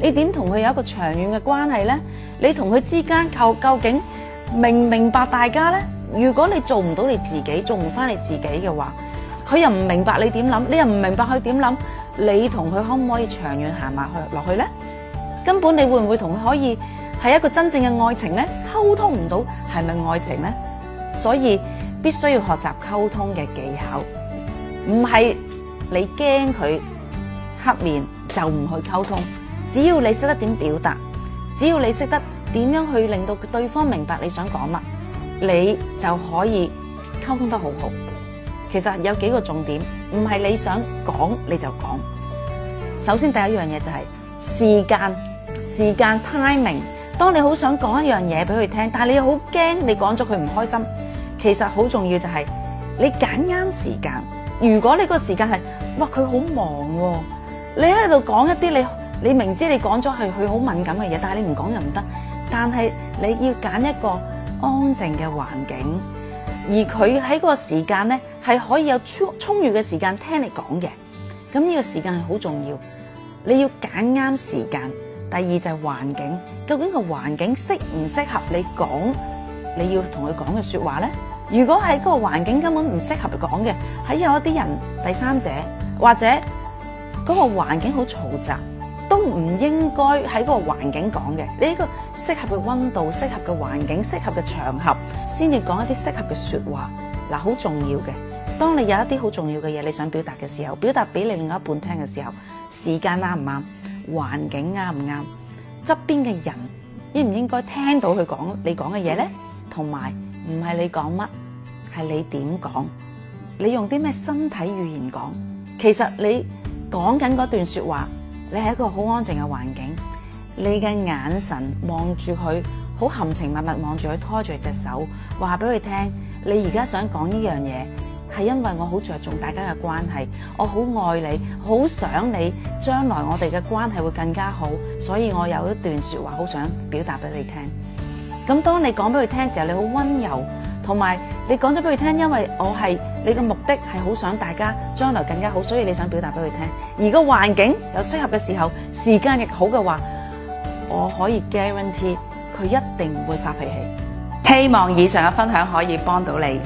你點同佢有一個長遠嘅關係呢？你同佢之間，究竟明唔明白大家呢？如果你做唔到你自己，做唔翻你自己嘅話，佢又唔明白你點諗，你又唔明白佢點諗，你同佢可唔可以長遠行下去落去呢？根本你會唔會同佢可以係一個真正嘅愛情呢？溝通唔到係咪愛情呢？所以必須要學習溝通嘅技巧，唔係你驚佢黑面就唔去溝通。只要你識得點表達，只要你識得點樣去令到對方明白你想講乜，你就可以溝通得好好。其實有幾個重點，唔係你想講你就講。首先第一樣嘢就係時間，時間 timing。當你好想講一樣嘢俾佢聽，但係你又好驚你講咗佢唔開心，其實好重要就係你揀啱時間。如果你個時間係哇，佢好忙喎，你喺度講一啲你。你明知你講咗係佢好敏感嘅嘢，但係你唔講又唔得。但係你要揀一個安靜嘅環境，而佢喺嗰個時間咧係可以有充充裕嘅時間聽你講嘅。咁呢個時間係好重要，你要揀啱時間。第二就係環境，究竟個環境適唔適合你講，你要同佢講嘅說話咧？如果喺嗰個環境根本唔適合講嘅，喺有一啲人第三者或者嗰個環境好嘈雜。都唔應該喺嗰個環境講嘅。你呢個適合嘅溫度、適合嘅環境、適合嘅場合，先至講一啲適合嘅説話。嗱、啊，好重要嘅。當你有一啲好重要嘅嘢你想表達嘅時候，表達俾你另外一半聽嘅時候，時間啱唔啱？環境啱唔啱？側邊嘅人應唔應該聽到佢講你講嘅嘢呢？同埋唔係你講乜，係你點講？你用啲咩身體語言講？其實你講緊嗰段説話。你喺一個好安靜嘅環境，你嘅眼神望住佢，好含情脈脈望住佢，拖住隻手，話俾佢聽，你而家想講呢樣嘢，係因為我好着重大家嘅關係，我好愛你，好想你將來我哋嘅關係會更加好，所以我有一段說話好想表達俾你聽。咁當你講俾佢聽嘅時候，你好溫柔。同埋，你講咗俾佢聽，因為我係，你嘅目的係好想大家將來更加好，所以你想表達俾佢聽。而個環境有適合嘅時候，時間亦好嘅話，我可以 guarantee 佢一定唔會發脾氣。希望以上嘅分享可以幫到你。